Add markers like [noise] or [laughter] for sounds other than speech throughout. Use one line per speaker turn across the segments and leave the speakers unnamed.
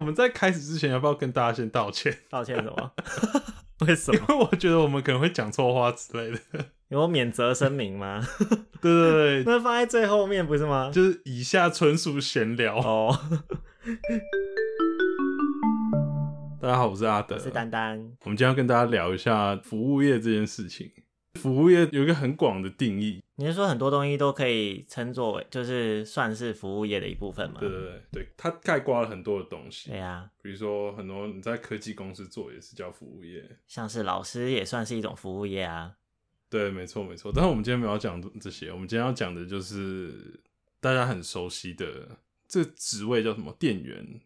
我們在開始之前，要不要跟大家先道歉？道歉什麼？為什麼？因為我覺得我們可能會講錯話之類的。有免責聲明嗎？ [laughs] 對對對，那放在最後面不是嗎？就是以下純屬閒聊哦。 [laughs] 大家好，我是阿德，我是丹丹，我們今天要跟大家聊一下服務業這件事情。服務業有一個很廣的定義，你是說很多東西都可以
稱作為，就是算是服務業的一部分嗎？對對
對，它概括了很多的東西。對呀，比如說很多你在科技公司做也是叫服務業，像是老師也算是一種服務業啊。對，沒錯沒錯。但是我們今天不要講這些，我們今天要講的就是大家很熟悉的這個職位叫什麼？店員？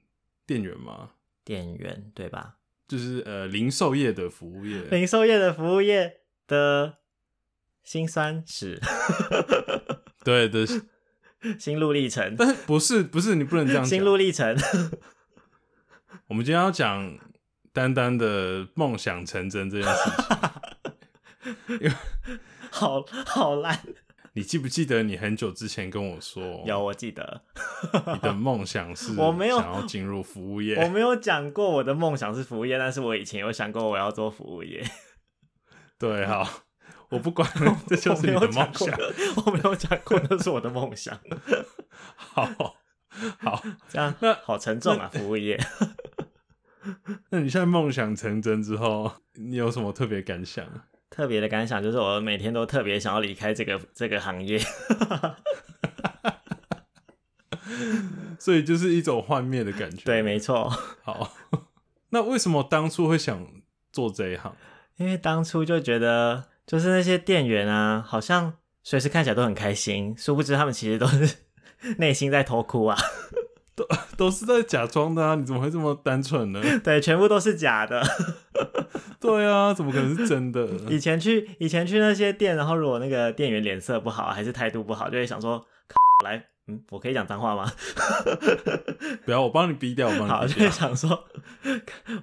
店員嗎？店員，對吧？就是呃，零售業的服務業，零
售業的服務業的心酸史，
是 [laughs] 對的， [laughs] 心路歷程是不是？不是不是，你不能這樣說。 [laughs] 心路歷程，我們今天要講丹丹的夢想成真這件事情， [laughs] 因
為好好爛。
你記不記得你很久之前跟我說，有，我記得 [laughs] 你的夢想是。我沒有想要進入服務業。我
沒有講過我的夢想是服務業，但是我以前有想過我要做服務業。
對，好，我不管， [laughs] 這就是你的夢想。我沒有講過，那是我的夢想。 [laughs] 好好，這樣那好沉重啊，服務業。 [laughs] 那你現在夢想成真之後，你有什麼特別感想？特別的感想就是，我每天
都特別想要離開這個這個行業。
[laughs] [laughs] 所以就是一種幻滅的感覺。對，沒錯。好，那為什麼當初會想做這一行？
因為當初就覺得，就是那些店員啊，好像隨時看起來都很開心，殊不知他們其實都是內心在偷哭啊，都都是在假裝的啊！你怎麼會這麼單純呢？對，全部都是假的。 [laughs] 對啊，怎麼可能是真的？以前去以前去那些店，然後如果那個店員臉色不好，還是態度不好，就會想說，來。嗯，我可以講髒話嗎？ [laughs] 不要，我幫你逼掉。我幫你逼掉好。就是想說，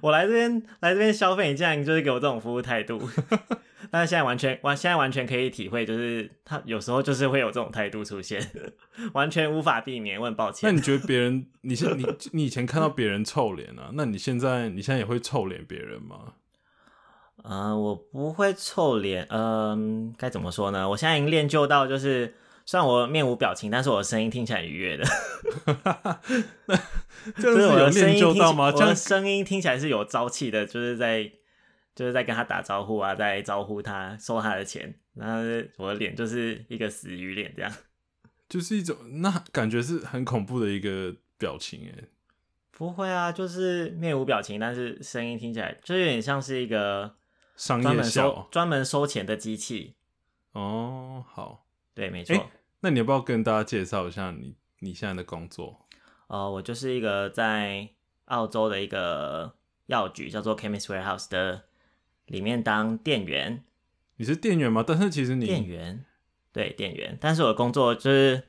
我來這邊來這邊消費，你竟然就是給我這種服務態度。 [laughs] 但是現在完全完，現在完全可以體會，就是他有時候就是會有這種態度出現，完全無法避免。我很抱
歉。那你覺得別人，你是你你以前看到別人臭臉啊？ [laughs] 那你現在你現在也會臭臉別人嗎？嗯、呃，我不
會臭臉。嗯、呃，該怎麼說呢？我現在已經練就到就是。雖然我面無表情，但是我的聲音聽起來愉悅的。
哈哈，就是我的聲音聽 [laughs] 這就到嗎這？我的
聲音聽起來是有朝氣的，就是在就是在跟他打招呼啊，在招呼他收他的錢。然後我的臉就是一個死魚臉，這樣
就是一種那感覺是很恐怖的一個表情誒、欸。
不會啊，就是面無表情，但是聲音聽起來就是、有點像是一個專門商業收
專門收錢的機器哦。Oh, 好。對，沒錯、欸。那你要不要跟大家介紹一下你你現在的工作？呃，我就是一個在
澳洲的一個藥局，叫做 Chemist Warehouse 的裡面當店員。你是店員嗎？但是其實你店員對店員，但是我的工作就是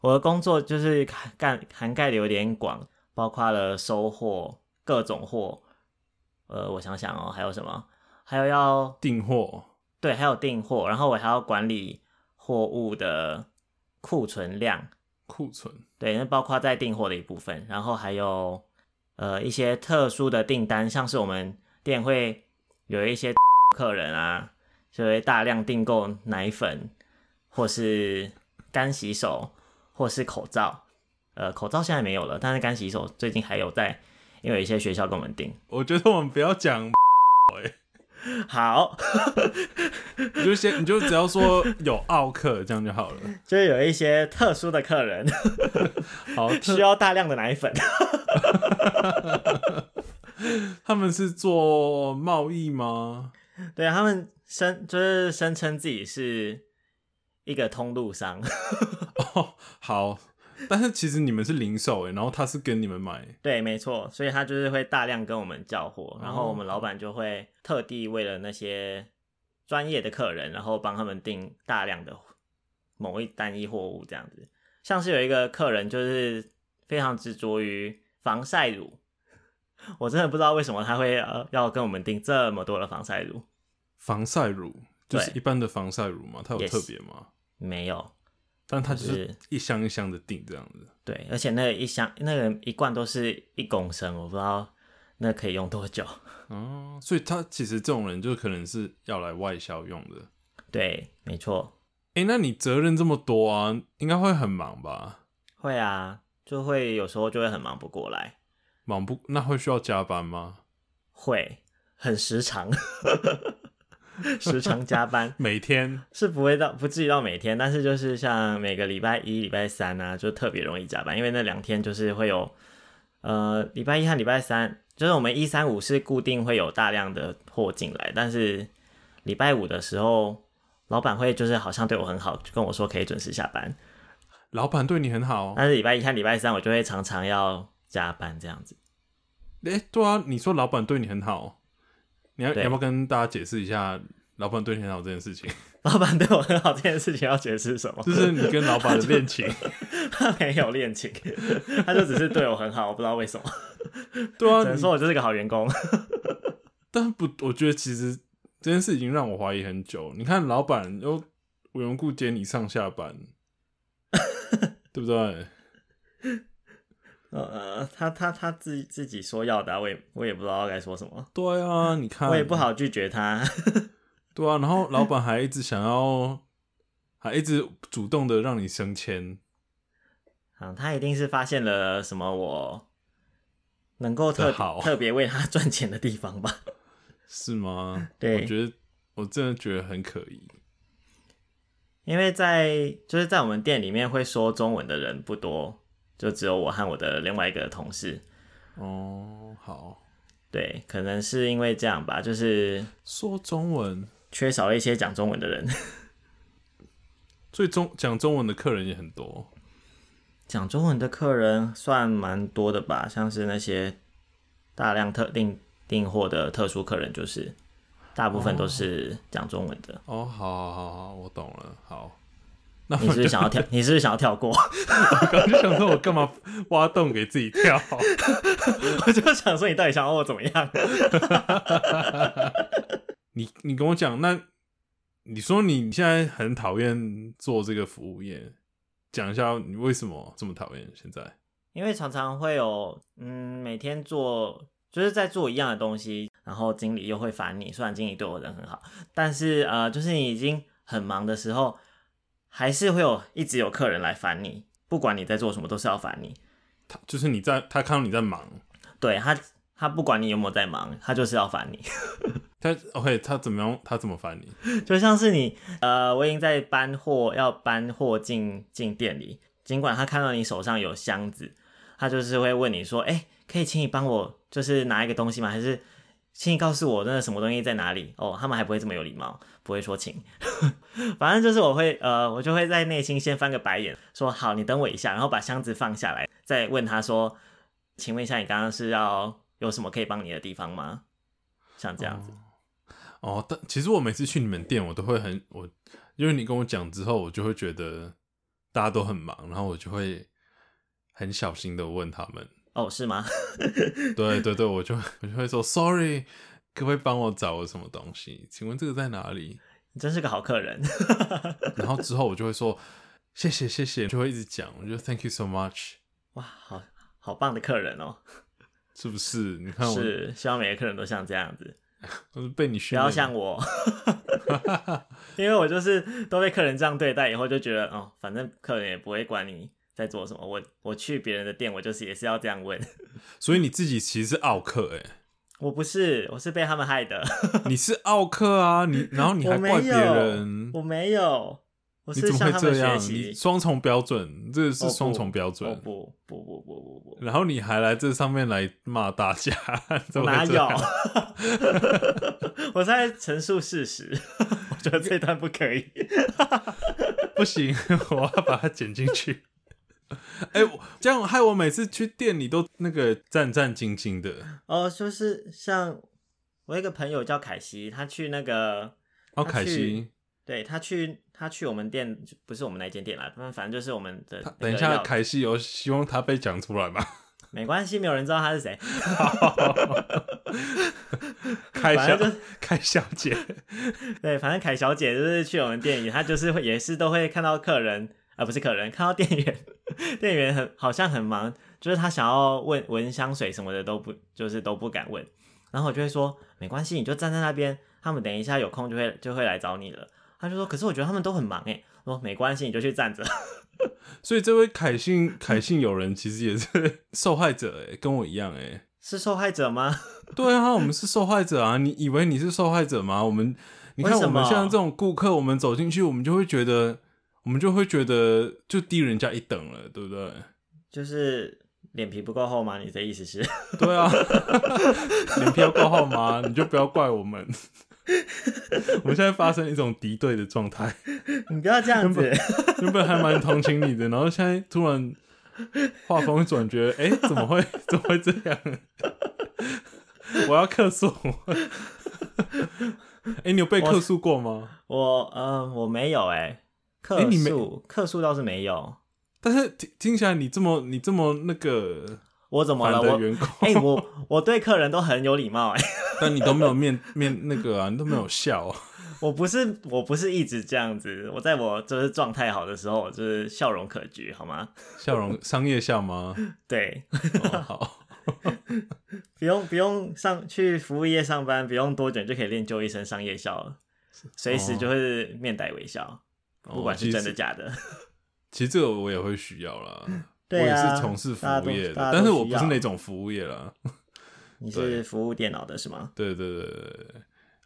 我的工作就是涵蓋涵蓋的有點廣，包括了收貨各種貨。呃，我想想哦、喔，還有什麼？還有要訂貨，對，還有訂貨，然後我還要管理貨物的庫存量，庫存對，那包括在訂貨的一部分，然後還有呃一些特殊的訂單，像是我們店會有一些、XX、客人啊，就會大量訂購奶粉，或是乾洗手，或是口罩。呃，口罩現在沒有了，但是乾洗手最近還有在，因為有一些學校跟我們訂。
我覺得我們不要講、欸，哎。好
[laughs] 你就
先，你就只要說有奧客這樣就好了，
就有一些特殊的客人，好，需要大量的奶粉。 [laughs] [laughs] 他們是做貿易嗎？對啊，他們申就是聲稱自己是一個通路商。哦 [laughs] 、
oh,，好。但是其實你們是零售誒，然後他是跟你們買，
對，沒錯，所以他就是會大量跟我們叫貨，然後我們老闆就會特地為了那些專業的客人，然後幫他們訂大量的某一單一貨物這樣子。像是有一個客人就是非常執着於防曬乳，
我真的不知道為什麼他會、
呃、要跟我們訂這麼多的防曬乳。
防曬乳就是一般的防曬乳嗎？它有特別嗎？Yes. 沒有。但他就是一箱一箱的訂這樣子，對，而且那個一箱，那個一罐都是一公升，我不知道那可以用多久。嗯、啊，所以他其實這種人就可能是要來外銷用的。對，沒錯。哎、欸，那你責任這麼多啊，應該會很忙吧？會啊，就會有時候就會很忙不過來。忙
不，那會需要加班嗎？會，很時常。 [laughs] [laughs] 時常加班，每天是不會到，不至於到每天，但是就是像每個禮拜一、禮拜三啊，就特別容易加班，因為那兩天就是會有，呃，禮拜一和禮拜三，就是我們一三五是固定會有大量的貨進來，但是禮拜五的時候，老闆會就是好像對我很好，就跟我說可以準時下班。
老闆對你很好，但是禮拜一和禮拜三，我就會常常要加班這樣子。誒、欸，對啊，你說老闆對你很好。你要要不要跟大家解釋一下老闆對你很好這件事情？老闆對我很好這件事情要解釋什麼？ [laughs] 就是你跟老闆的戀情，
他他沒有戀情， [laughs] 他就只是對我很好， [laughs] 我不知道為什麼。
對啊，只能說我就是個好員工。 [laughs] 但不，我覺得其實這件事已經讓我懷疑很久。你看老闆，老闆又無緣故接你上下班， [laughs] 對不對？ [laughs] 哦、呃，他他他自己自
己說要的，我也我也
不知道該說什麼。對啊，你看，我也不好拒絕他。對啊，然後老闆還一直想要， [laughs] 還一直主動的讓你升遷。嗯，他一定是發現了什麼我
能夠特特別為他賺錢的地方吧？是嗎？ [laughs] 對，我覺得我真的覺得很可疑，因為在就是在我們店裡面會說中文的人不多。就只有我和我的另外一個同事。哦、
oh,，好，
對，可能是因為這樣吧，就是說中文缺少一些講中文的人， [laughs] 最終中講中文的客人也很多。講中文的客人算蠻多的吧，像是那些大量特定訂貨的特殊客人，就是大部分都是講中文的。哦、oh. oh,，好，好,好，好，我懂了，好。那你是不是想要跳？你是不是想
要跳過？我就想說，我幹嘛挖洞給自己跳啊？ [laughs] [laughs] 我就想說，你到底想要我怎麼樣 [laughs] 你？你你跟我講，那你說你現在很討厭做這個服務業，講一下你為什麼這麼討厭現在？
因為常常會有嗯，每天做就是在做一樣的東西，然後經理又會煩你。雖然經理對我人很好，但是呃，就是你已經很忙的時候。還是會有一直有客人來煩你，不管你在做什麼，都是要煩你。他就是你在他看到你在忙。對他，他不管你有沒有在忙，他就是要煩你。 [laughs] 他 OK，他怎麼樣？他怎麼煩你？就像是你呃，我已經在搬貨，要搬貨進進店裡。儘管他看到你手上有箱子，他就是會問你說：“哎，可以請你幫我就是拿一個東西嗎？還是請你告訴我那個什麼東西在哪裡？”哦，他們還不會這麼有禮貌。不會說請， [laughs] 反正就是我會呃，我就會在內心先翻個白眼，說好，你等我一下，然後把箱子放下來，再問他說，請問一下，你剛剛是要有什麼可以幫你的地方嗎？像這樣子。哦，
哦但其實我每次去你們店，我都會很我，因為你跟我講之後，我就會覺得大家都很忙，然後我就會很小心的問他們。哦，是嗎？ [laughs] 對對對，我就我就會說 sorry。可不可以幫我找個什麼東西？請問這個在哪裡？你真是個好客人。 [laughs] 然後之後我就會說謝謝謝謝，就會一直講。我就得 Thank you so much。哇，好好棒的客人哦、喔，是不是？你看我，是
希望每個客人都像這樣子。我 [laughs] 是被你需要不像我， [laughs] [laughs] 因為我就是都被客人這樣對待，以後就覺得哦，反正客人也不會管你在做什麼。我我去別人的店，我就是也是要這樣問。
[laughs] 所以你自己其實是奧客，哎、欸。
我不是，我是被他們害的。
[laughs] 你是奧客啊，你然後你還怪別人，我沒有，
我沒有，我是向他們學習。你怎麼會這樣？你
雙重標準，這是雙重標準，oh, 不 oh, 不，不
不不不
不不。然後你還來這上面來罵大家，哪有？ [laughs]
我在陳述事實， [laughs] 我覺得這段不可以，
[laughs] [laughs] 不行，我要把它剪進去。哎、欸，這樣害我每次去店裡都那個戰戰兢兢的
哦。就是像我一個朋友叫凱西，他去那個哦，凱西，對，他去，他去我們店，不是我們那間店啦，他們反正就是我們的。
等一下，凱西有希望他被講出來嗎？
沒關係，沒有人知道他是誰。
凱 [laughs] [laughs] 小、就是、小姐，
對，反正凱小姐就是去我們店裡，她就是也是都會看到客人啊、呃，不是客人，看到店員。 [laughs] 店員很好像很忙，就是他想要問聞香水什麼的都不，就是都不敢問。然後我就會說沒關係，你就站在那邊，他們等一下有空就會就會來找你了。他就說，可是我覺得他們都很忙哎。我說沒關係，你就去站着。
[laughs] 所以這位凱信凱信友人其實也是受害者欸，跟我一樣欸。是受害者嗎？ [laughs] 對啊，我們是受害者啊！你以為你是受害者嗎？我們，你看我們像這種顧客，我們走進去，我們就會覺得。我們就會覺得就低人家一等了，對不對？就是臉皮不夠
厚嗎？你的意思是？
對啊，臉 [laughs] 皮要夠厚嗎？你就不要怪我們。 [laughs] 我們現在發生一種敵對的狀態。 [laughs] 你不要這樣子，原本，原本還蠻同情你的，然後現在突然畫風轉，覺得哎，怎麼會，怎麼會這樣？ [laughs] 我要客訴。哎、 [laughs] 欸，你有被客訴過嗎？
我，嗯、呃，我沒有、欸。哎。客數客數倒是沒有，
但是聽聽起來你這麼你這麼那個，我怎麼了？我哎、欸，我我對客人都很有禮貌哎、欸，但你都沒有面 [laughs] 面那個啊，你都沒有笑。
我不是我不是一直這樣子，我在我就是狀態好的時候，就是笑容可掬，好嗎？笑容商業笑嗎？ [laughs] 對，好， [laughs] [laughs] 不用不用上去服務業上班，不用多久就可以練就一身商業笑了，隨時就會面帶微笑。不管是真的假的，
哦，其，其實這個我也會需要啦。啊，我也是從事服務業的，但是我不是那種服務業啦。 [laughs] 你是服務電腦的是嗎？對對對對，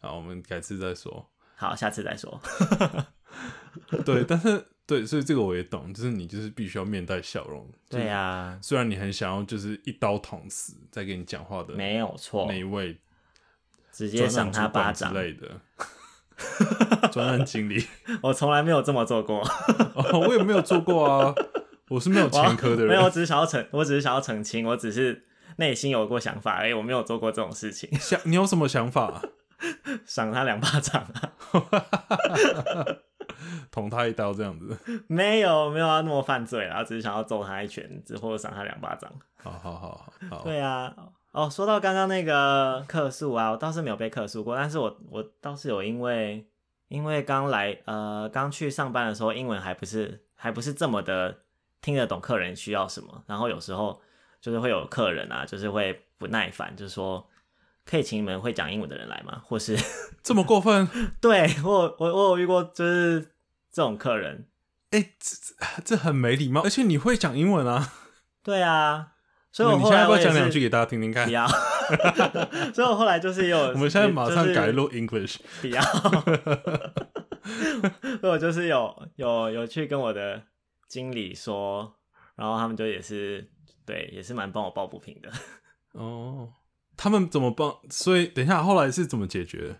好，我們改次再說。好，下次再說。 [laughs] 對，但是對，所以這個我也懂，就是你就是必須要面帶笑容。對啊。雖然你很想要就是一刀捅死在跟你講話的，的，沒有錯。那一位？直接賞他巴掌之類的。
專 [laughs] 案經理， [laughs] 我從來沒有這麼做過、 [laughs] 哦，
我也沒有做過啊，我是沒有前科的人，沒有，我只
是想要澄，我只是想要澄清，我只是內心有過想法，哎、欸，我沒有做過這種事情。 [laughs] 想你有什麼想法？啊？賞 [laughs] 他兩巴掌啊， [laughs] [laughs] 捅他一刀這樣子？ [laughs] 沒有，沒有要那麼犯罪了，然後只是想要揍他一拳，只或者賞他兩巴掌。好好好好好，對啊。哦，說到剛剛那個客訴啊，我倒是沒有被客訴過，但是我我倒是有因，因為因為剛來，呃，剛去上班的時候，英文還不是還不是這麼的聽得懂客人需要什麼，然後有時候就是會有客人啊，就是會不耐煩，就是說，可以請你們會講英文的人來嗎？或是
這麼過分？ [laughs] 對，
我我我有遇過，就是這種客人，
哎、欸，這這很沒禮貌，而且你會講英文啊？
對啊。所以我我，我、嗯、們現在講兩句給
大家聽聽看。不要。
[laughs] 所以，我後來就是也有。 [laughs] 我們現在馬上改錄 English。就是、不要。 [laughs] 所以我就是有有有去跟我的經理說，然後他們就也是對，也是蠻幫我抱不平的。
哦，他們怎麼幫？所以，等一下，後來是怎麼解決？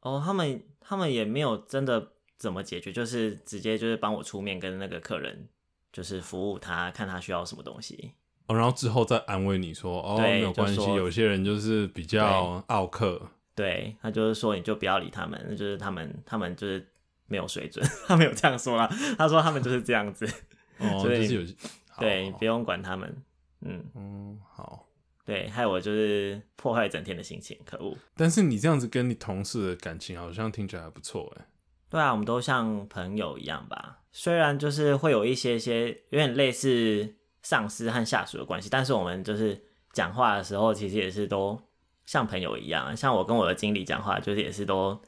哦，他們他
們也沒有真的怎麼解決，就是直接就是幫我出面跟那個客人，就是服務他，看他需要什麼東西。
哦、然後之後再安慰你說，哦，對，沒有關係。有些
人就是比較奧客，對，他就是說你就不要理他們，就是他們，他們就是沒有水準。他沒有這樣說啦、啊，他說他們就是這樣子， [laughs] 所以、哦、是有對，你不用管他們。嗯
嗯，
好，對，害我就是破壞整天的心情，可惡。
但是你這樣子跟你同事的感情好像聽起來還不錯哎。
對啊，我們都像朋友一樣吧，雖然就是會有一些些有點類似上司和下屬的關係，但是我們就是講話的時候，其實也是都像朋友一樣，像我跟我的經理講話，就是也是都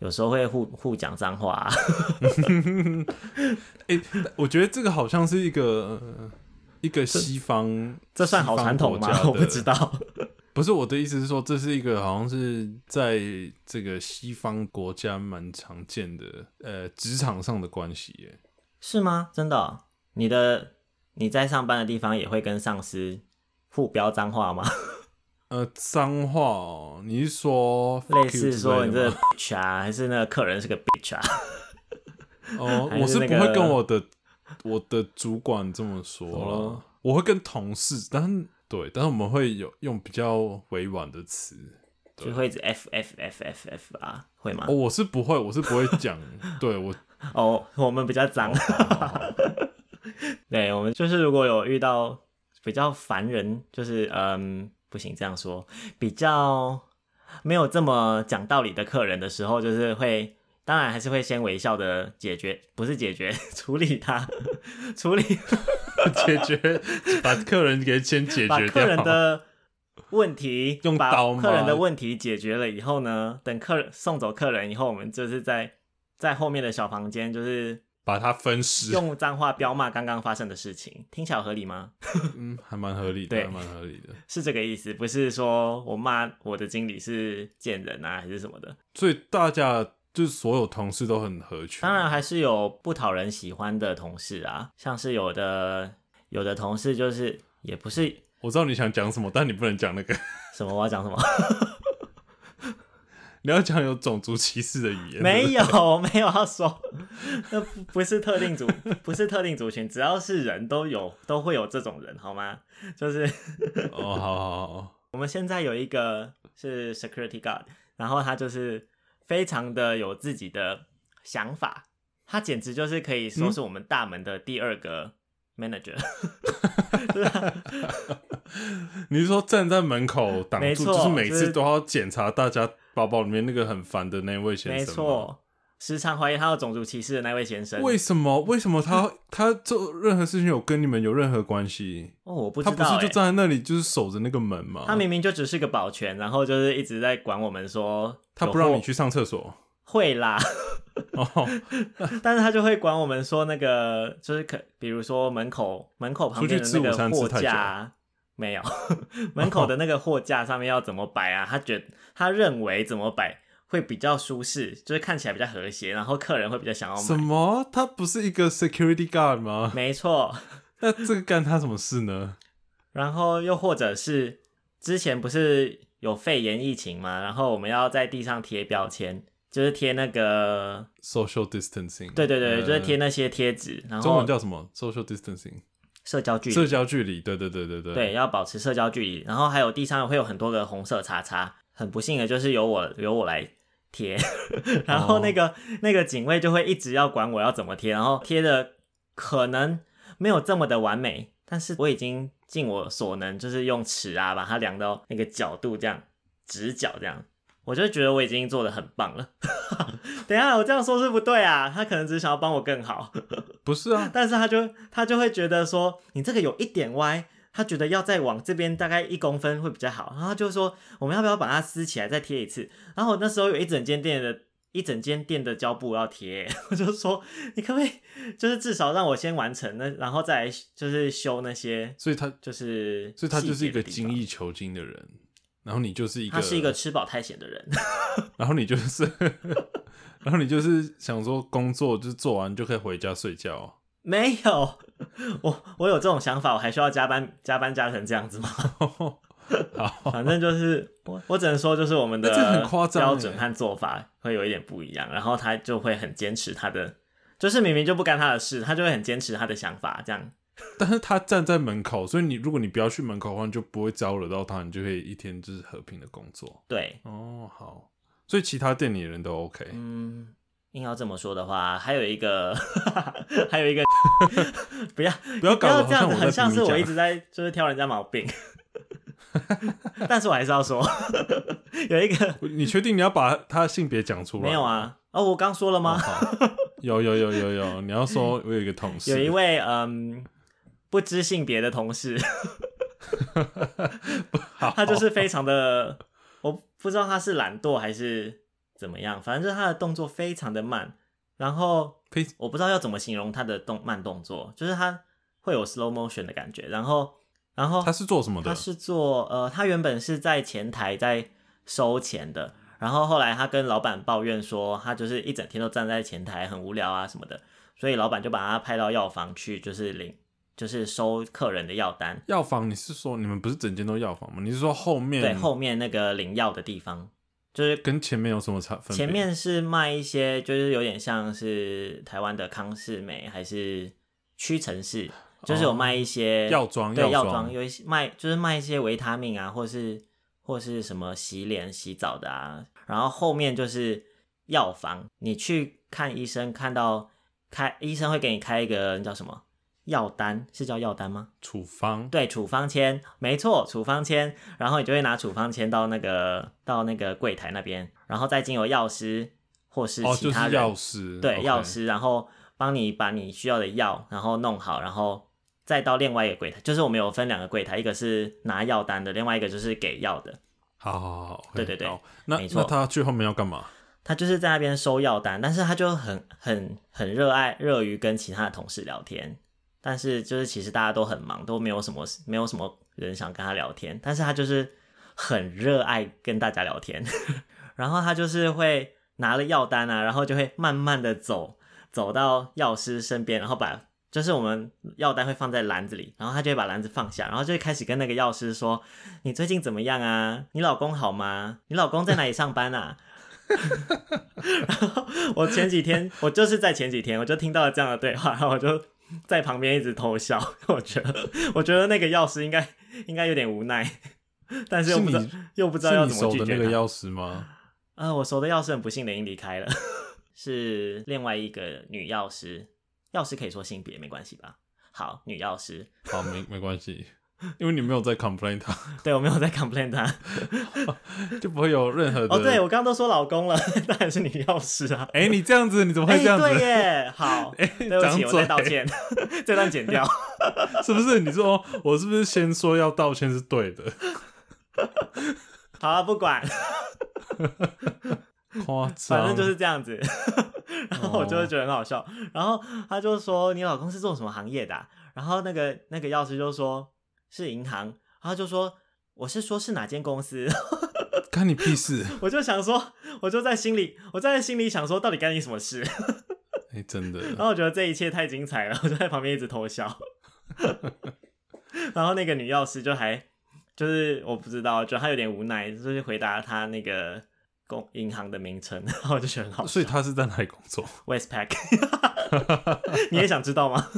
有時候會互
互講髒話、啊 [laughs] [laughs] 欸。我覺得這個好像是一個一個西方，這，這算好傳統嗎？我不知道。 [laughs] 不是我的意思是說，這是一個好像是在這個西方國家蠻常見的呃職場上的關係耶，是嗎？真的，喔，你的。
你在上班的地方也會跟上司互飆髒話嗎？
呃，髒話哦，你是說類似說，你這個
bitch 啊， [laughs] 還是那個客人是個 bitch 啊？哦，是那
個、
我是不會跟我
的我的主管這麼說、哦，我會跟同事，但對，但是我們會有用比較委婉的詞，就會
一直 f f f f f 啊，
會嗎？哦，我是不會，我是不會講， [laughs] 對我哦，我們比較髒、 [laughs] 哦。好好好
對我們就是如果有遇到比較煩人，就是嗯，不行這樣說，比較沒有這麼講道理的客人的時候，就是會當然還是會先微笑的解決，不是解決處理他，處理
解決把客人給先解決掉，把客人的
問題用刀把客人的問題解決了以後呢，等客人送走客人以後，我們就是在在後面的小房間就是。把它分屍，用髒話飆罵剛剛發生的事情，聽起來合理嗎？ [laughs] 嗯，還蠻合理的，還蠻合理的，是這個意思，不是說我罵我的經理是賤人啊，還是什
麼的。所以大家就是所
有同事都很合群，當然還是有不討人喜歡的同事啊，像是有的
有的同事就是也不是，我知道你想講什麼， [laughs] 但你不能講那個什麼我要講什麼。 [laughs] 你要講有種族歧視的語言？沒有對對，
沒有要說。那不是特定族，不是特定族群，只要是人都有，都會有這種人，好嗎？就是哦，oh, [laughs] 好，好好好。我們現在有一個是 security guard，然後他就是非常的有自己的想法，他簡直就是可以說是我們大門的第二個 manager，是、嗯、 [laughs] 對吧？ [laughs]
你是說站在門口擋住，就是每次都要檢查大家包包裡面那個很煩的那位先生？沒錯，時常懷疑他有種族歧視的那位先生。為什麼？為什麼他 [laughs] 他做任何事情有跟你們有任何關係？哦，我不知道欸。他不是就站在那裡就是守着那個門嗎？他
明明就只是個保全，然後就是一直在管我們說，他不讓你去上廁所。會啦， [laughs] 哦， [laughs] 但是他就會管我們說那個，就是可比如說門口門口旁邊那個貨架。沒有，門口的那個貨架上面要怎麼擺啊？哦、他覺得他認為怎麼擺會比較舒適，就是看起來比較和諧，然後客人會比較想要買。什
麼？他不是一個 security guard 嗎？沒錯。 [laughs] 那這個干他什麼事呢？然後又或者是之前不是
有肺炎疫情嘛，然後我們要在地上貼標籤，就是貼那個
social distancing。對對對，就是貼那些貼紙。呃、然後中文叫什麼？social distancing。社交距離，社交距離，對對對對對，對，
要保持社交距離。然後還有地上會有很多個紅色叉叉。很不幸的就是由我由我來貼， [laughs] 然後那個、哦、那個警衛就會一直要管我要怎麼貼，然後貼的可能沒有這麼的完美，但是我已經盡我所能，就是用尺啊把它量到那個角度這樣直角這樣。我就覺得我已經做得很棒了。 [laughs] 等一下，我這樣說是不對啊！他可能只是想要幫我更好。 [laughs] 不是啊，但是他就他就會覺得說，你這個有一點歪，他覺得要再往這邊大概一公分會比較好。然後他就說，我們要不要把它撕起來再貼一次？然後我那時候有一整間店的一整間店的
膠布要貼， [laughs]
我就說，你可不可以就是至少讓我先完成那，然後再來就是修那些所。所以他就是，
所以他就是一個精益求精的人。然後你就是一個他是一個吃飽太閒的人， [laughs] 然後你就是，然後你就是想說工作就做完就可以回家睡覺，
沒有我我有這種想法，我還需要加班加班加成這樣子嗎？ [laughs] 好，
反正就
是我我只能說，就是我們的標、欸，這很誇張耶、準和做法會有一點不一樣，然後他就會很堅持他的，就是明明就不干他的事，他就會很堅持他的想法，這樣。
但是他站在門口，所以你如果你不要去門口的話，你就不會招惹到他，你就可以一天就是和平的工作。對，哦，好，所以其他店裡的人都 OK。
嗯，硬要這麼說的話，還有一個， [laughs] 還有一個，不要 [laughs] 不要搞得這樣子像很像是我一直在就是挑人家毛病，
[laughs] 但是我還是要說 [laughs] 有一個，你確定你要把他性別講出來？沒有啊，
哦，我剛說了嗎？ [laughs] 哦，
好，有有有有有，有，你要說，我有一個同事，有一
位嗯。不知性別的同事， [laughs] 不好笑他就是非常的，我不知道他是懶惰還是怎麼樣，反正就是他的動作非常的慢，然後我不知道要怎麼形容他的動慢動作，就是他會有 slow motion 的感覺，然後，然後他是做什麼的？他是做呃，他原本是在前台在收錢的，然後後來他跟老板抱怨說，他就是一整天都站在前台很無聊啊什麼的，所以老板就把他派到藥房去，就是領。就是收客人的藥單，
藥房？你是說你們不是整間都藥房嗎？你是說後面？對，後
面那個領藥的地方，
就是跟前面有什麼差分別？前面
是賣一些，就是有點像是台灣的康是美還是屈臣氏，就是有賣一些、哦、藥妝，對，藥妝，藥妝有一些賣，就是賣一些維他命啊，或是或是什麼洗臉洗澡的啊。然後後面就是藥房，你去看醫生，看到開醫生會給你開一個叫什麼？藥單是叫藥單嗎？處方。對，處方簽，沒錯，處方簽。然後你就會拿處方簽到那個到那個櫃檯那邊，然後再經由藥師或是其他人藥師、哦就是、對藥師，okay. 然後幫你把你需要的藥然後弄好，然後再到另外一個櫃檯。就是我們有分兩個櫃檯，一個是拿藥單的，另外一個就是給藥的。好好好，好，對對對，那沒錯。那他
最後面要幹嘛？
他就是在那邊收藥單，但是他就很很很熱愛熱於跟其他的同事聊天。但是就是其實大家都很忙，都沒有什麼，沒有什麼人想跟他聊天。但是他就是很熱愛跟大家聊天，然後他就是會拿了藥單啊，然後就會慢慢的走，走到藥師身邊，然後把就是我們藥單會放在籃子裡，然後他就會把籃子放下，然後就會開始跟那個藥師說：“你最近怎麼樣啊？你老公好嗎？你老公在哪裡上班啊？” [laughs] [laughs] 然後我前幾天，我就是在前幾天，我就聽到了這樣的對話，然後我就。在旁邊一直偷笑，我覺得，我覺得那個藥師應該應該有點無奈，但是又不知道，是你，又不知道要怎麼拒絕他。是你熟的那個藥師嗎？呃，我熟的藥師很不幸的已經離開了， [laughs] 是另外一個女藥師。藥師可以說性別沒關係吧？好，女藥
師。好，沒沒關係。 [laughs] 因為你沒有在 complain 他對，對我沒有在 complain 他， [laughs] 就不會有任何的。哦，對我剛
剛都說老公了，
當然是女藥師啊。哎、欸，你這樣子你怎麼會這樣子？欸、對耶，好，欸、對不起，我再道歉， [laughs] 這段剪掉，是不是？你說我是不是先說要道歉是對的？
好了、啊，不管，
誇 [laughs] 張，反正就是這樣子。
然後我就會覺得很好笑。然後他就說：“你老公是做什麼行業的、啊？”然後那個那個藥師就說。是銀行，然後就說我是說是哪間公司？
關 [laughs] 你屁事！
我就想說，我就在心裡，我在心裡想說，到底干你什麼事？
哎、 [laughs] 欸，真的。然後
我覺得這一切太精彩了，我就在旁邊一直偷笑。 [laughs] 然後那個女藥師就還就是我不知道，覺得她有點無奈，就是回答她那個工銀行的名稱。然
後我就覺得好笑。所以她是在哪裡工作
？Westpac。 [laughs] [laughs] [laughs] 你也想知道嗎？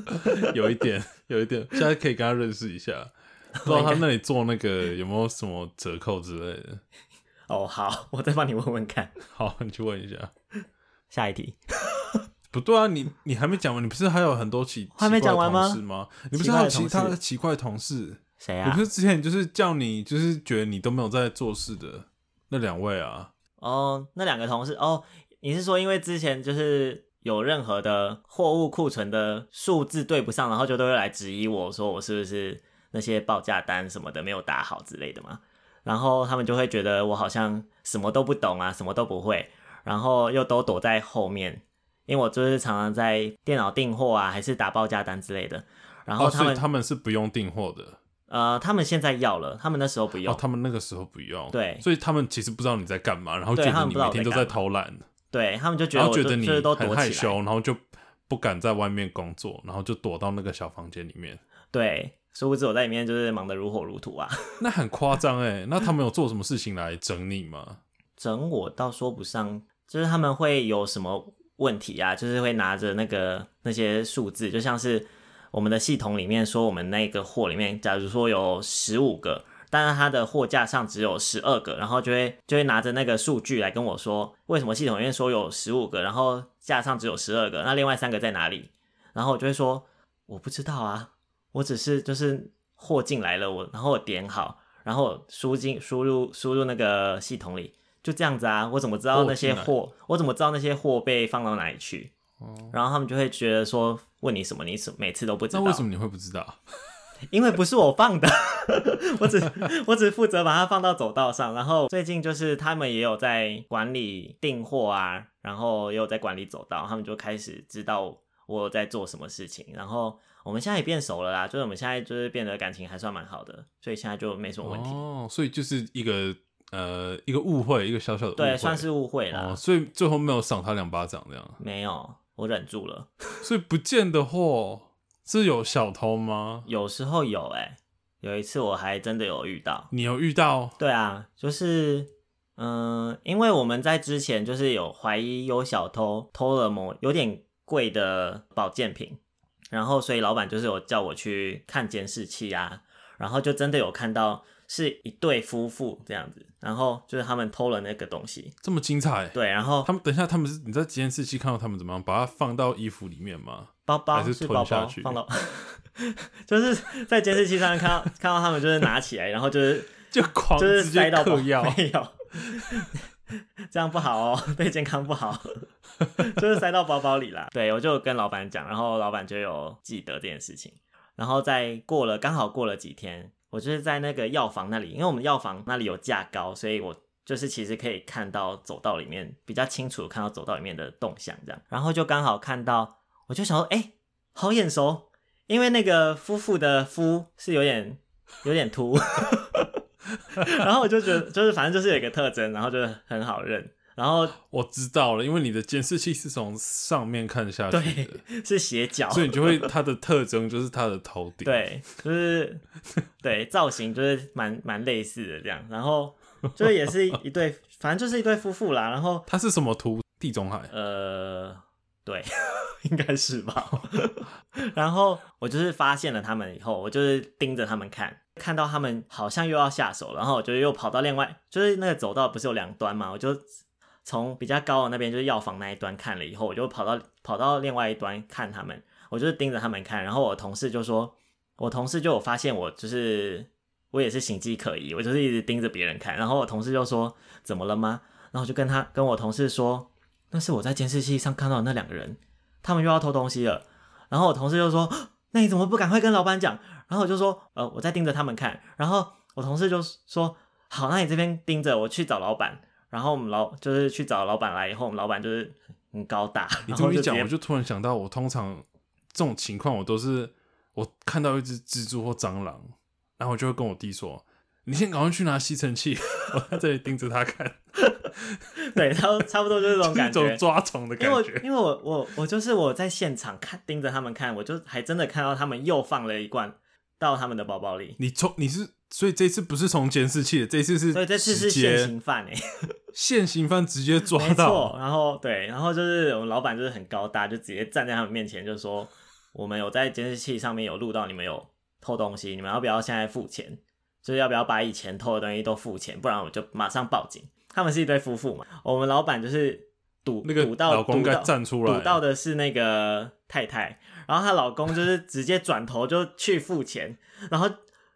[laughs] 有一點，有一點。現在
可以跟她認識一下。不知道他那裡做那個有沒有什麼折扣之類的？哦、oh,，好，我再幫你問問看。好，你去問一下。下一題。 [laughs] 不對啊，你你還沒講完，你不是還有很多奇，還沒講完嗎？奇怪同事嗎？你不是還有其他奇怪的同事？誰啊？你不是之前就是叫你，就是覺得你都沒有在做事的那兩位啊？哦、oh,，那兩個同事哦，oh, 你是說因為之前就
是有任何的貨物庫存的數字對不上，然後就都會來質疑我說我是不是？那些報價單什麼的沒有打好之類的嘛，然後他們就會覺得我好像什麼都不懂啊，什麼都不會，然後又都躲在後面，因為我就是常常在電腦訂貨啊，還是打報價單之類的。然後他們、哦、他
們是不用訂貨的，呃，他們現在要了，他們那時候不用哦，他們那個時候不用，對。所以他們其實不知道你在幹嘛，然後覺得你每天都在偷懶。對，他們，對他們就覺得，就覺得你很害羞，就是都太兇，然後就不敢在外面工作，然後就躲到那個小房間裡面。
對。殊不知我在裡面就是忙得如火如荼啊
[laughs] 那很誇張誒。那他們有做什麼事情來整你嗎？整我倒說不上，就是他們會有什麼
問題啊？就是會拿着那個那些數字，就像是我們的系統裡面說我們那個貨裡面，假如說有十五個，但是它的貨架上只有十二個，然後就會就會拿着那個數據來跟我說，為什麼系統裡面說有十五個，然後架上只有十二個？那另外三個在哪裡？然後我就會說我不知道啊。我只是就是貨進來了，我然後我點好，然後輸進輸入輸入那個系統裡，就這樣子啊。我怎麼知道那些貨？我怎麼知道那些貨被放到哪裡去？嗯，然後他們就會覺得說，問你什麼，你什每次都不知道。為什麼你會不知道？因為不是我放的， [laughs] [laughs] 我只我只負責把它放到走道上。然後最近就是他們也有在管理訂貨啊，然後也有在管理走道，他們就開始知道我在做什麼事情，然後。我們現在也變熟了啦，就是我們現在就是變得感情還算蠻好的，所以現在就沒什麼問題。哦，
所以就是一個呃一個誤會，一個小小的誤會，對，算是誤會啦、哦。所以最後沒有賞他兩巴掌這樣。沒有，我忍住了。所以不見的貨是有小偷嗎？
[laughs] 有時候有、欸，哎，有一次我還真的有遇到。你有遇到？對啊，就是嗯、呃，因為我們在之前就是有懷疑有小偷偷了某有點貴的保健品。然後，所以老闆就是有叫我去看監視器啊，然後就真的有看到是一對夫婦這樣子，然後就是他們偷了那個東西。
這麼精彩。對，然後他們等一下，他們是你在監視器看到他們怎麼樣，把它放到衣服裡面嗎？包包還是吞下去？是包包。包放到，
[laughs] [laughs] 就是在監視器上看到 [laughs] 看到他們就是拿起來，然後就是就狂就是塞到 [laughs] 沒有。 [laughs] 這樣不好哦，對健康不好，就是塞到包包裡啦。對，我就跟老板講，然後老板就有記得這件事情。然後再過了剛好過了幾天，我就是在那個藥房那裡，因為我們藥房那裡有架高，所以我就是其實可以看到走道裡面比較清楚看到走道裡面的動向這樣。然後就剛好看到，我就想說，哎、欸，好眼熟，因為那個夫婦的夫是有點有點禿。 [laughs] [laughs] 然後我就覺得，就是
反正就是有一個特徵，然後就很好認。然後我知道了，因為你的監視器是從上面看下去的，對，是斜角，所以你就會它的特徵就是它的頭頂，對，就
是對造型就是蠻蠻類似的這樣。然後
就是也是一對，反正就是一對夫婦啦。然後他是什麼圖？地中海？呃，
對，應該是吧。 [laughs] 然後我就是發現了他們以後，我就是盯着他們看。看到他們好像又要下手了，然後我就又跑到另外，就是那個走道不是有兩端嘛，我就從比較高的那邊，就是藥房那一端看了以後，我就跑到跑到另外一端看他們，我就是盯着他們看。然後我同事就說，我同事就發現我就是我也是形跡可疑，我就是一直盯着別人看。然後我同事就說，怎麼了嗎？然後我就跟他跟我同事說，那是我在監視器上看到那兩個人，他們又要偷東西了。然後我同事就說，那你怎麼不趕快跟老闆講？然後我就說，呃，我在盯着他們看。然後我同事就說：“好，那你這邊盯着，我去找老板。”然後我們老就是去找老板來以後，我們老板就是很高大。然
後你這麼一講，我就突然想到，我通常這種情況，我都是我看到一只蜘蛛或蟑螂，然後我就會跟我弟說：“你先趕快去拿吸塵器。 [laughs] ”我在這裡盯着他看。 [laughs] 對，然後差不多就是這種感覺，就是、這種抓蟲的感覺。因為因
為我我我就是我在現場看盯着他們看，我就還真的看到他們又放了一罐。到他們的包包裡，
你從你是，所以這次不是從監視器的，這次是，對，這次是現行犯哎、欸，現行犯直接抓到，沒錯，
然後對，然後就是我們老闆就是很高大，就直接站在他們面前，就說我們有在監視器上面有錄到你們有偷東西，你們要不要現在付錢？所、就、以、是、要不要把以前偷的東西都付錢？不然我就馬上報警。他們是一對夫婦嘛，我們老闆就是賭賭到老公該賭到，賭到的是那個太太。然後她老公就是直接轉頭就去付錢， [laughs] 然後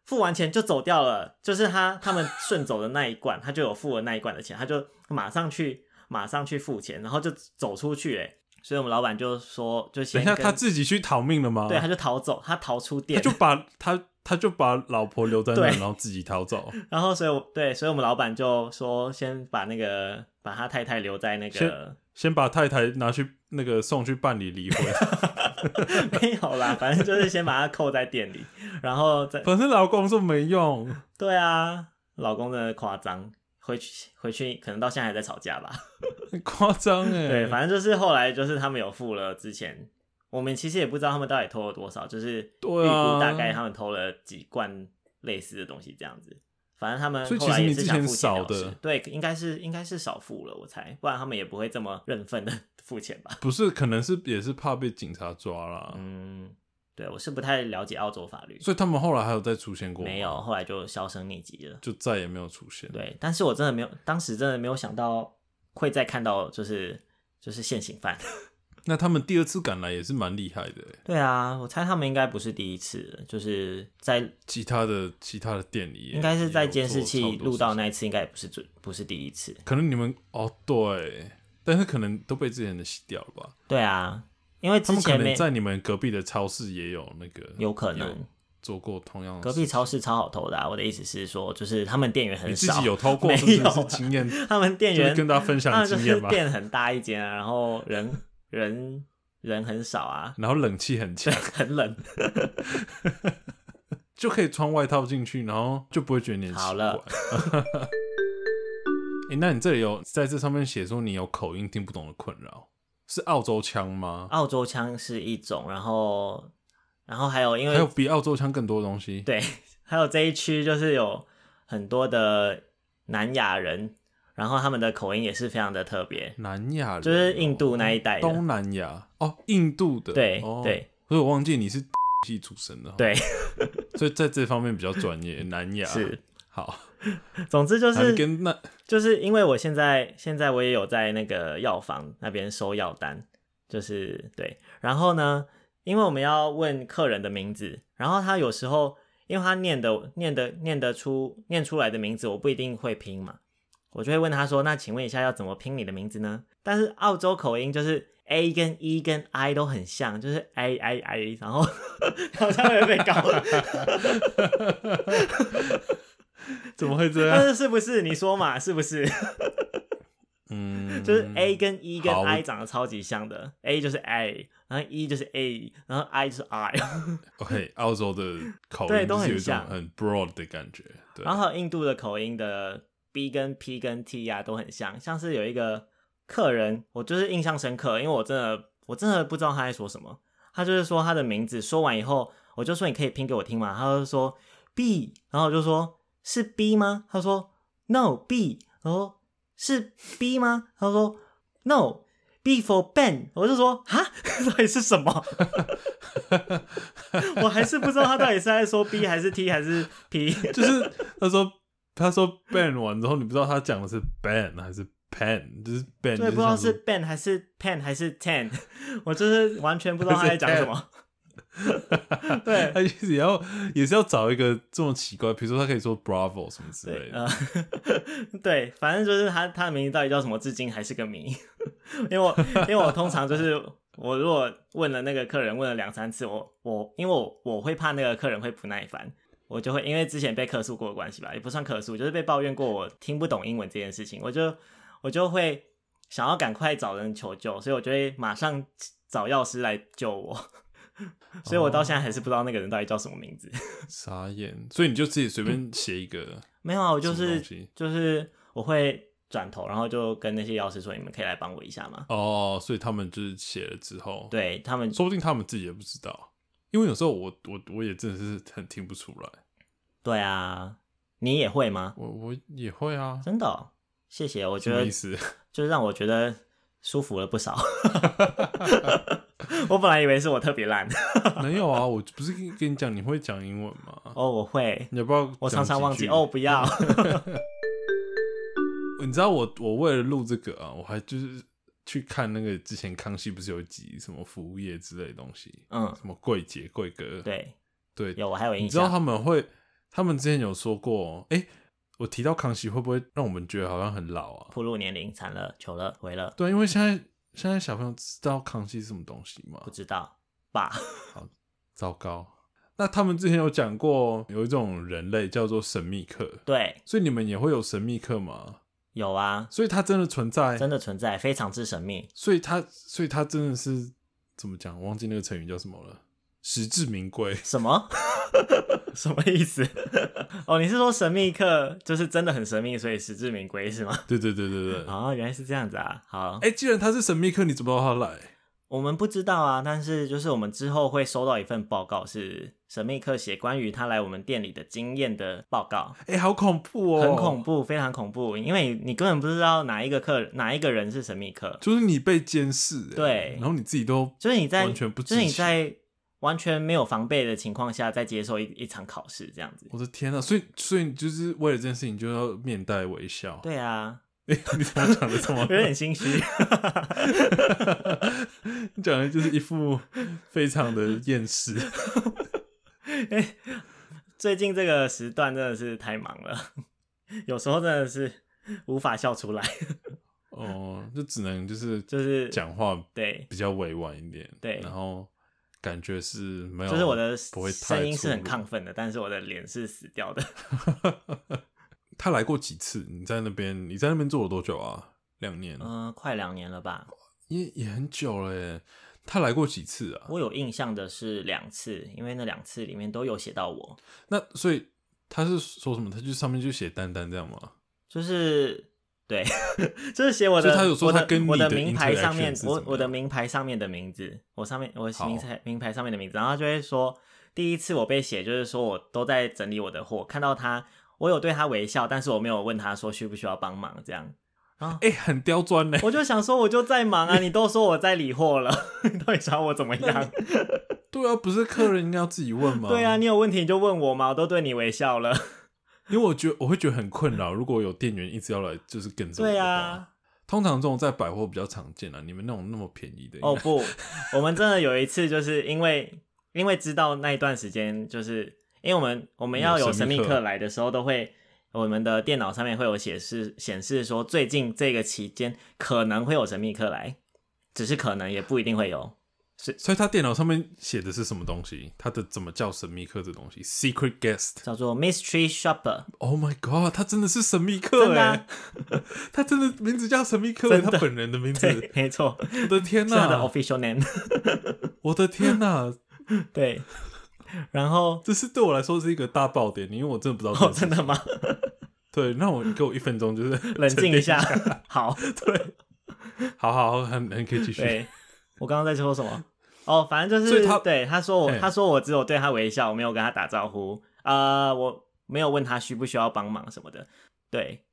付完錢就走掉了。就是他他們順走的那一罐， [laughs] 他就有付了那一罐的錢，他就馬上去馬上去付錢，然後就走出去哎。所以我們老板就說，就先等一下，他自
己去逃命了嗎？對，他就
逃走，他逃出店，他就
把他他就把老婆留在那，然後自己逃走。 [laughs]
然後所以對，所以我們老板就說先把那個把他太太留在那個，先，
先把太太拿去。那個送去辦理離婚 [laughs] ，
沒有啦，反正就是先把它扣在店裡， [laughs] 然後再。
反正老公說沒用。
對啊，老公真的誇張，回去回去可能到現在還在吵架吧。
誇張欸。對，
反正就是後來就是他們有付了，之前我們其實也不知道他們到底偷了多少，就是預估大概他們偷了幾罐類似的東西這樣子。反正他們後來也是想付錢，所以其實你之前少的，對，應該是應該是少付了，我猜，不然他們也不會這麼認份的付錢吧。
不是，可能是也是怕被警察抓啦。嗯，對，我是不太了解澳洲法律，所以他們後來還有再出現過嗎？沒有，後來就銷聲匿跡了，就再也沒有出現。對，但是我
真的沒有，當時真的沒有想到會再看到，就是，就是就是現行犯。
那他們第二次趕來也是蠻厲害的、欸。對啊，我猜他們應該不是第一次，就是在其他的其他的店裡，應該是在監視器錄到那一次，應該也不是最不是第一次。可能你們哦，對，但是可能都被之前的洗掉了吧？對啊，因為之前沒他們可能在你們隔壁的超市也有那個，有可能做過同樣的。隔壁超市超好偷的、啊。我的意思是說，就是他們店員很少，你自己有偷過沒有經驗？他們店員、就是、跟大家分享經驗嗎？店很
大一間、啊，然後人。
人人很少啊，然後冷氣很強，很冷， [laughs] [laughs] 就可以穿外套進去，然後就不會覺得你。好了，哎、 [laughs] 欸，那你這裡有在這上面寫說你有口音聽不懂的困擾，是澳洲腔嗎？澳洲腔是一種，然後，然後還有因為還有比澳洲腔更多的東西。
對，還有這一區就是有很多的南亞人。然後他們的口音也是非常的特別，南亞就是印度那一帶，哦，東南
亞哦，印度的對、哦、對，所以我忘記你是哪出生的，對，所以在這方面比較專業。 [laughs] 南亞是好，
總之就是跟那，就是因為我現在現在我也有在那個藥房那邊收藥單，就是對，然後呢，因為我們要問客人的名字，然後他有時候因為他念的念的念得出念出來的名字，我不一定會拼嘛。我就會問他說：“那請問一下，要怎麼拼你的名字呢？”但是澳洲口音就是 a 跟 e 跟 i 都很像，就是 a i i，然後呵呵好像會被告了 [laughs] [laughs] 怎麼會這樣？但是是不是？你說嘛，
是不是？嗯，就是 a 跟 e 跟 i
長得超級像的，a 就是 a，然後 e 就是 a，然後 i 就是 i。OK，澳
洲的口音對，都很像，很 broad 的感覺。對對，然後
印度的口音的。B 跟 P 跟 T 呀、啊、都很像，像是有一個客人，我就是印象深刻，因為我真的，我真的不知道他在說什麼。他就是說他的名字，說完以後，我就說你可以拼給我聽嗎？他就說 B，然後我就說是 B 嗎？他說 No，B。然後是 B 嗎？他說 No，B for Ben。我就說哈，到底是什麼？ [laughs]
[laughs] [laughs] 我還是不知道他到底是在說 B 還是 T 還是 P， [laughs] 就是他就說。他說 “ban” 完之後，你不知道他講的是 “ban” 還是 “pen”，就是 “ban”。對、就是，不知道是
“ban” 還是 “pen” 還是 “ten”，我就是完全不知道他在講什麼。
是 [laughs] 對，他就是要也是要找一個這麼奇怪，比如說他可以說 “bravo” 什麼之類的。對，呃、
對，反正就是他他的名字到底叫什麼，至今還是個謎。因為我因為我通常就是我如果問了那個客人問了兩三次，我我因為我我會怕那個客人會不耐煩。我就會因為之前被客訴過的關係吧，也不算客訴，就是被抱怨過我聽不懂英文這件事情，我就我就會想要趕快找人求救，所以我就會馬上找藥師來救我， [laughs] 所以我到現在還是不知道那個人到底叫什麼名字。
[laughs] 傻眼，所以你就自己隨便寫一個？嗯、沒有啊，我就是
就是我會轉頭，然後就跟那些藥師說，你們可以來幫我一下嗎？
哦，所以他們就是寫了之後，對他們，說不定他們自己也不知道。因為有時候我我我也真的是很聽不出來，對啊，你也會嗎？我我也會啊，真的，
謝謝，我覺得意思就是讓我覺得舒服了不少。
[laughs] [laughs] [laughs] 我本來以為是我特別爛， [laughs] 沒有啊，我不是跟你講你會講英文嗎？哦，我會，你要不要，我常常忘記，哦，不要。 [laughs] [laughs] 你知道我我為了錄這個啊，我還就是。去看那個之前康熙不是有集什麼服務業之類的東西，嗯，什麼櫃姐、櫃哥，對對，有，我還有印象，你知道他們會，他們之前有說過，誒、欸、我提到康熙會不會讓我們覺得好像很老啊？暴露年齡，慘了，糗了，毀了。對，因為現在現在小朋友知道康熙是什麼東西嗎？不知道吧？爸 [laughs] 好糟糕。那他們之前有講過有一種人類叫做神秘客，對，所以你們也會有神秘客嗎？有啊，所以他真的存在，真的存在，非常之神秘。所以他，所以他真的是怎麼講？忘記那個成語叫什麼了？實至名歸？什麼？ [laughs] 什麼意思？哦，你是說神秘客就是真的很神秘，所以實至名歸是嗎？對對對對對。哦，
原來是這樣子啊。好，哎、欸，既然他是神秘客，你怎麼知道他來？我們不知道啊，但是就是我們之後會收到一份報告，是神秘客寫關於他來我們店裡的經驗的報告。
欸，好恐怖哦！很恐
怖，非常恐怖，因為你根本不知道哪一個客哪一個人是神秘客。
就是你被監視欸，對，然後你自己都就是你在完全不知道，就是
你，你在完全沒有防備的情況下再接受一一場考試，這樣
子。我的天啊！所以所以就是為了這件事情你就要面帶微笑。對啊。 [laughs] 你怎麼講得這麼？有點心虛。 [laughs] [laughs] 你講的就是一副非常的厭世。哎
[laughs] 欸，最近這個時段真的是太忙了，有時候真的是無法笑出來。
[laughs] 哦，就只能就是就是講話對比較委婉一點、就是。對，然後感覺是沒有，就是我的不聲音是很亢
奮的， [laughs] 但是我的臉是死掉的。 [laughs]
他來過幾次？你在那邊，你在那邊做了多久啊？
兩年，嗯、呃，快兩年了
吧？也也很久了耶。
他來過幾次啊？我有印象的是兩次，因為那兩次裡面都有寫到我。
那所以他是說什麼？他就上面就寫“丹丹”這樣嗎？
就是對， [laughs] 就是寫我的。就他有說他跟我的，我的名牌上面，我我的名牌上面的名字，我上面我名牌名牌上面的名字，然後就會說第一次我被寫，就是說我都在整理我的貨，看到他。我有對他微笑，但是我沒有問他說需不需要幫忙這樣啊？哎、欸，很刁鑽呢、欸。我就想說，我就在忙啊，你都說我在理貨了，
你 [laughs] [laughs] 到底想要我怎麼樣？對啊，不是客人應該要自己問嗎？ [laughs] 對啊，你有問
題你就問我嘛，我都對你微笑
了。因為我覺得我會覺得很困擾，如果有店員一直要來，就是跟着對啊。通常這種在百貨比較常見啊，你們那種那麼便宜的哦、oh, 不，
[laughs] 我們真的有一次就是因為因為知道那一段時間就是。因為我們我們要有神秘客來的時候，都會我們的電腦上面會有顯示顯示說，最近這個期間可能會有神秘客來，只是可能也不一定
會有。所所以，他電腦上面寫的是什麼東西？他的怎麼叫神秘客的東西？Secret Guest 叫做 Mystery Shopper。Oh my God！他真的是神秘客哎、啊，真啊、 [laughs] 他真的名字叫神秘客、欸，他本人的名字沒錯。我的天吶、啊！Official Name。 [laughs] 我的天吶、啊！ [laughs] 對。然後這是對我來說是一個大爆點，因為我真的不知道、哦。真的嗎？ [laughs] 對，那我給我一分鐘，就是冷靜一下、一下。好，對，好好，還 [laughs] 還可以繼續對。我
剛剛在說什麼？ [laughs] 哦，反正就是他對他說我，他說我只有對他微笑，我沒有跟他打招呼啊、欸呃，我沒有問他需不需要幫忙什麼的。對，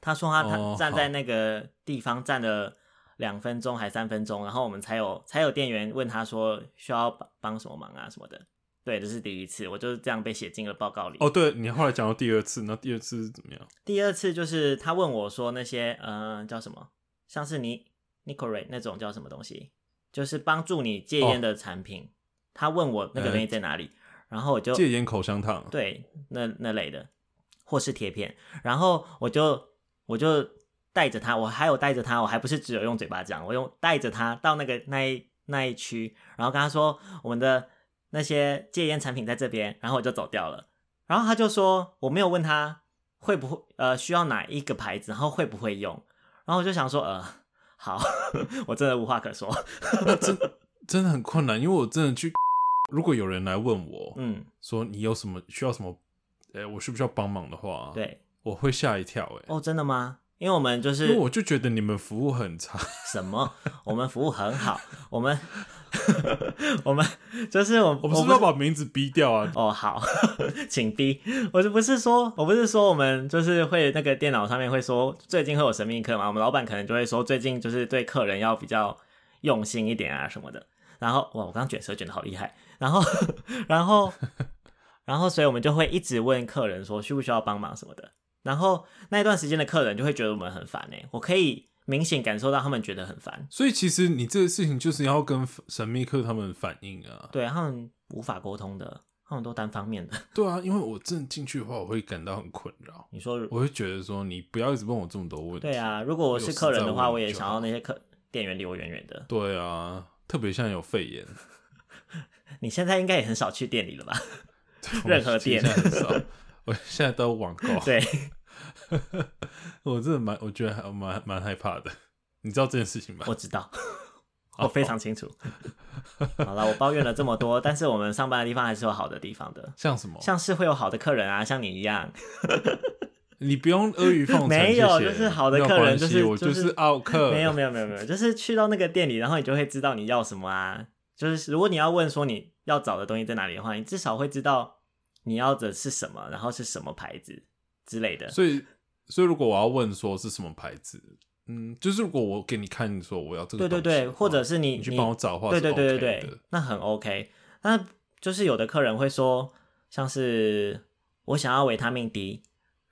他說他他站在那個地方、哦、站了兩分鐘還是三分鐘，然後我們才有才有店員問他說需要幫幫什麼忙啊什麼的。對，這是第一次，我就是這樣被寫進了報告裡。哦，對，
你後來講到第二次，那第二次是怎麼樣？
第二次就是他問我說那些呃叫什麼，像是你 Nicorette 那種叫什麼東西，就是幫助你戒菸的產品。哦、他問我那個東西在哪裡，哎、然後我就戒菸口香糖，對，那那類的，或是貼片。然後我就我就帶着他，我還有帶着他，我還不是只有用嘴巴講，我用帶着他到那個那一那一區，然後跟他說我們的。那些戒菸產品在這邊，然後我就走掉了。然後他就說：“我沒有問他會不會呃需要哪一個牌子，然後會
不會用。”然後我就想說：“呃，好， [laughs] 我真的無話可說 [laughs] 真，真真的很困難。”因為我真的去，如果有人來問我，嗯，說你有什麼需要什麼，哎，我需不需要幫忙的話，對，我會嚇一跳欸。誒。哦，真的嗎？
因為我們就是，我
就覺得你們服務很差。什麼？我們服務很好。 [laughs] 我們
[laughs] 我們就是我，我們是不是要把名字逼掉啊？哦，好，請逼。我是不是說，我不是說我們就是會那個電腦上面會說最近會有神秘客嘛。我們老闆可能就會說最近就是對客人要比較用心一點啊什麼的。然後哇，我剛剛卷舌卷的好厲害。然後然 [laughs] 後然後，然後然後所以我們就會一直問客人說需不需要幫忙什麼的。然後那一段時間的客人就會覺得我們很煩呢、欸。我可以明顯感受到他們覺得很煩。
所以其實你這個事情就是要跟神秘客他們反映啊。對，他們無法溝通的，他們都單方面的。對啊，因為我正進去的話，我會感到很困擾。你說，我會覺得說你不要一直問我這麼多問題。對啊，如果我是客人的話，我也想
要那些客店員離我遠遠的。
對啊，特別像有肺炎。 [laughs] 你現在應該也很少去店裡了吧？任何店很 [laughs] 我現在都網購，對， [laughs] [laughs] 我真的蠻，我覺得還蠻蠻害怕的。你知道這件事情嗎？我知道， [laughs] 我非常清楚。
[laughs] 好了，我抱怨了這麼多， [laughs] 但是我們上班的地方還是有好的地方的。
像什麼？像
是會有好的客人啊，像你一樣。
[laughs] 你不用阿諛奉承， [laughs] 沒有謝謝，就是好的客人就是就是奧客 [laughs] 沒。沒有沒有
沒有沒有，就是去到那個店裡，然後你就會知道你要什麼啊。就是如果你要問說你要找的東西在哪裡的話，你至少會知道。你
要的是什麼？然後是什麼牌子之類的？所以，所以如果我要問說是什麼牌子，嗯，就是如果我給你看說我要這個，對對對，或者是你你去幫我找的話，話，對對對對，對，對，對，OK，
那很 OK。那就是有的客人會說，像是我想要維他命 D。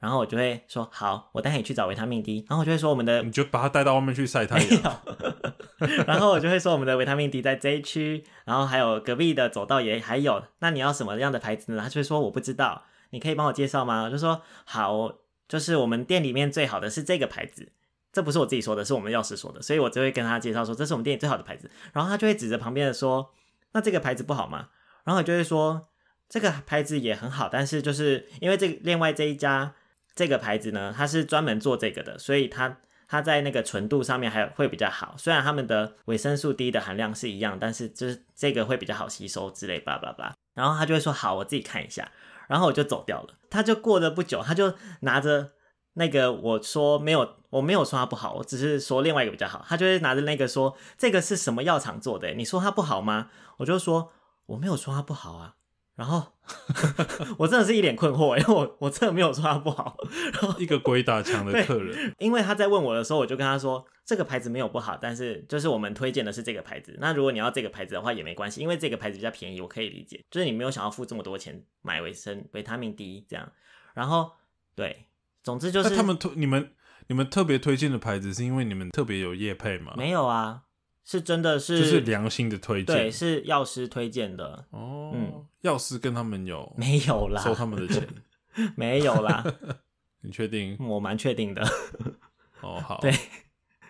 然後我就會說好，我帶你去找維他命 D。然後我就會說我們的，你就把它帶到外面去曬太陽。 [laughs] 然後我就會說我們的維他命 D 在這一區， [laughs] 然後還有隔壁的走道也還有。那你要什麼樣的牌子呢？他就會說我不知道，你可以幫我介紹嗎？我就說好，就是我們店裡面最好的是這個牌子，這不是我自己說的，是我們藥師說的，所以我就會跟他介紹說，這是我們店裡最好的牌子。然後他就會指着旁邊的說，那這個牌子不好嗎？然後我就會說，這個牌子也很好，但是就是因為這另外這一家。這個牌子呢，它是專門做這個的，所以它它在那個純度上面還會比較好。雖然它們的維生素 D 的含量是一樣，但是就是這個會比較好吸收之類吧吧吧。然後他就會說：“好，我自己看一下。”然後我就走掉了。他就過了不久，他就拿着那個我說沒有，我沒有說他不好，我只是說另外一個比較好。他就會拿着那個說：“這個是什麼藥廠做的？你說它不好嗎？”我就說：“我沒有說它不好啊。”然後， [laughs] 我真的是一臉困惑，因為我我真的沒有說他不好。然後一個鬼打牆的客人，因為他在問我的時候，我就跟他說，這個牌子沒有不好，但是就是我們推薦的是這個牌子。那如果你要這個牌子的話也沒關係，因為這個牌子比較便宜，我可以理解。就是你沒有想要付這麼多錢買維生維他命 D 這樣。
然後對，總之就是他們推你們你們特別推薦的牌子是因為你們特別有業配嗎？沒
有啊。是真的是，這、就是良心的推薦，對，是藥師推
薦的哦。藥、嗯、師跟他們有沒有啦、哦？收他們的錢 [laughs] 沒有啦？ [laughs] 你確定？嗯、我蠻確定的。 [laughs] 哦，好。對，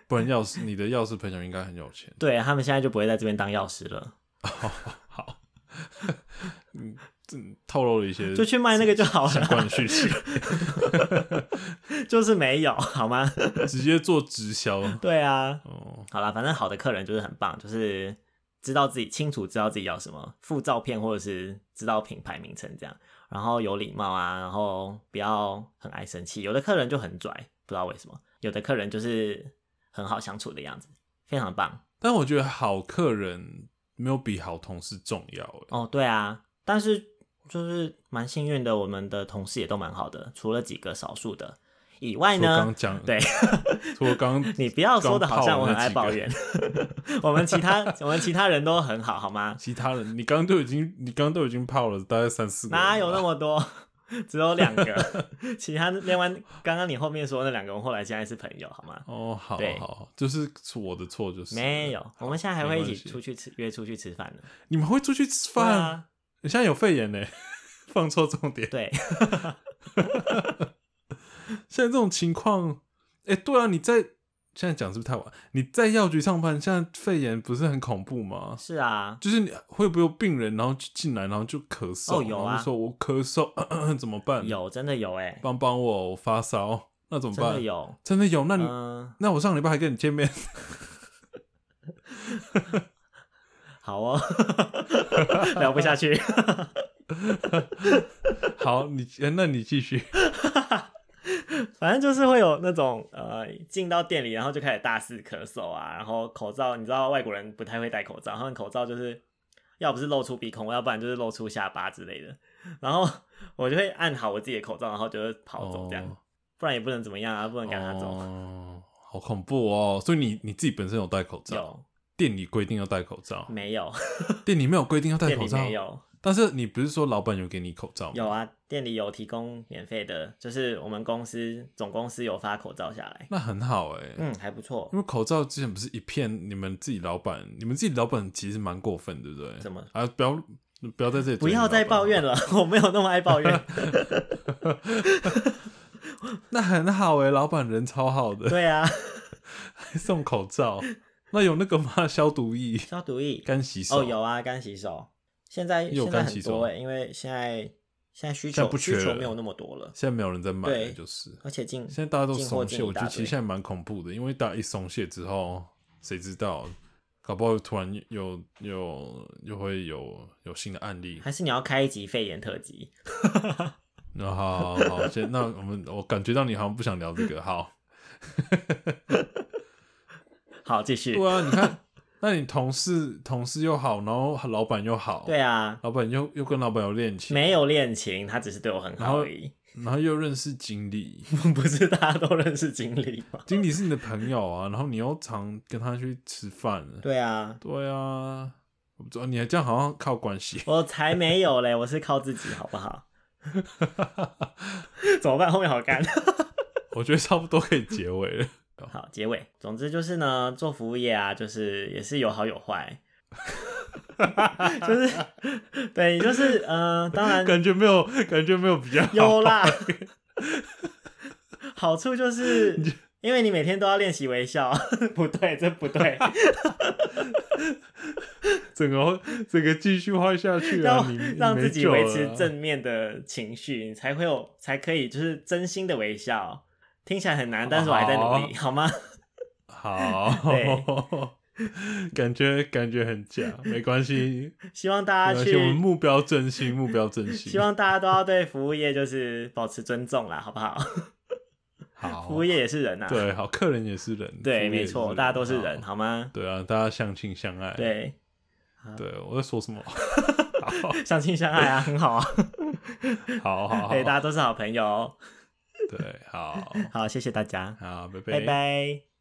不然藥師，你的藥師朋友應該很有錢。 [laughs] 對，他們現在就不會在這邊當藥師了、哦。好， [laughs] 嗯。透露了一些，就去賣那個就好了。 [laughs] 就是沒有好嗎？
直接做直銷。 [laughs] 對啊，哦、好啦，反正好的客人就是很棒，就是知道自己清楚知道自己要什麼，附照片或者是知道品牌名稱這樣，然後有禮貌啊，然後不要很愛生氣。有的客人就很拽，不知道為什麼；有的客人就是很好相處的樣子，非常棒。但我覺得好客人沒有比好同事重要。哦，對啊，但是。就是蠻幸運的，我們的同事也都蠻好的，除了幾個少數的以外呢。剛對，
我剛你不要說的，好像我很愛抱怨。 [laughs] [laughs] 我們其他 [laughs] 我們其他人都很好，好嗎？其他人，你剛都已經你剛都已經泡了大概三四個，哪有那麼多？
[laughs] 只有兩兩個。 [laughs] 其他另外，剛剛你後面說的那兩個人後來現在是
朋友，好嗎？哦，好好，好，就是我的錯，就是沒有。我
們現在還會一起出去吃，
約出去吃飯呢。你們會出去吃飯？你現在有肺炎呢、欸，放錯重點。對， [laughs] 現在這種情況，哎，對啊，你在現在講是不是太晚？你在藥局上班，現在肺炎不是很恐怖嗎？是啊，就是你會不會有病人然後進來，然後就咳嗽哦？然後啊，說我咳嗽咳咳怎麼辦？有，真的有哎，幫幫我，我發燒，那怎麼辦？有，真的有。那你、呃、那我上禮拜還跟你見面。 [laughs] [laughs] 好啊，聊不下去。 [laughs] [laughs] 好，你那你繼續。 [laughs] 反正就是會有那種呃，
進到店裡，然後就開始大肆咳嗽啊，然後口罩，你知道外國人不太會戴口罩，他們口罩就是要不是露出鼻孔，要不然就是露出下巴之類的。然後我就會按好我自己的口罩，然後就會跑走，這樣、哦，不然也不能怎麼樣啊，不能趕他走、
哦。好恐怖哦！所以你你自己本身有戴口罩？店裡規定要戴口罩？沒有， [laughs] 店裡沒有規定要戴口罩。沒有。但是你不是說老闆有給你口罩嗎？有啊，
店裡有提供免費的，就是我們公司總公司有發口罩下來。
那很好哎、欸，嗯，還不錯。因為口罩之前不是一片你，你們自己老闆，你們自己老闆其實蠻過分，對不對？什麼？啊，不要，不要在這裡不要再抱怨了。我沒有那麼愛抱怨。 [laughs] [laughs] 那很好哎、欸，老闆人超好的。對啊，還送口罩。那有那個嗎？消毒液、消毒液、乾洗手、oh, 有啊，乾洗手。
現在有乾洗手在、欸。因為現在
現在需求在不需求沒有那麼多了，現在沒有人在買，就是。而且進現在大家都鬆懈進進，我覺得其實現在蠻恐怖的，因為大家一鬆懈之後，誰知道搞不好突然又又又會有有，有，有，有，有新的案例。還是你要開一集肺炎特輯？ [laughs] [laughs] 那好，好，好，好，那我們我感覺到你好像不想聊這個，好。 [laughs] 好，繼續。對啊，你看，那你同事 [laughs] 同事又好，然後老闆又好，對啊，老闆又又跟老闆有戀情？沒有戀情，他只是對我很好而已。然後又認識經理， [laughs] 不是大家都認識經理嗎？經理是你的朋友啊，然後你又常跟他去吃飯。對
啊，對啊，
我不知道，你還這樣好像靠關係。
我才沒有嘞，我是靠自己，好不好？ [laughs] [laughs] 怎麼辦？後面好乾。
[laughs] 我覺得差不多可以結尾了。
好，結尾。總之就是呢，做服務業啊，就是也是有好有壞， [laughs] 就是對，就是嗯、呃，當然
感覺沒有，感覺沒有比
較好，有啦。 [laughs] 好處就是， [laughs] 因為你每天都要練習微笑，
[laughs] 不對，這不對。 [laughs] 整個整個繼續畫下去，啊，讓讓自己維持正
面的情緒，你才會有，才可以就是真心的微笑。聽起來很難，但是我還在努力，好，
好嗎？好。 [laughs] 感覺感覺很假，沒關係。希望大家去目標真心目標真心希，希望
大家都要對服務業就是保持尊重啦，好不好？好， [laughs] 服務業也是人吶、啊。對，
好，客人也是人。對，沒錯，大家都是人，好，好嗎？對啊，大家相親相愛。對，對，我在說什麼？
[laughs] 相親相愛啊，很好啊。 [laughs] 好，好好，對、欸，大家都是好朋友、哦。 [laughs] 對，好，好，謝謝大家，好，拜拜，拜拜。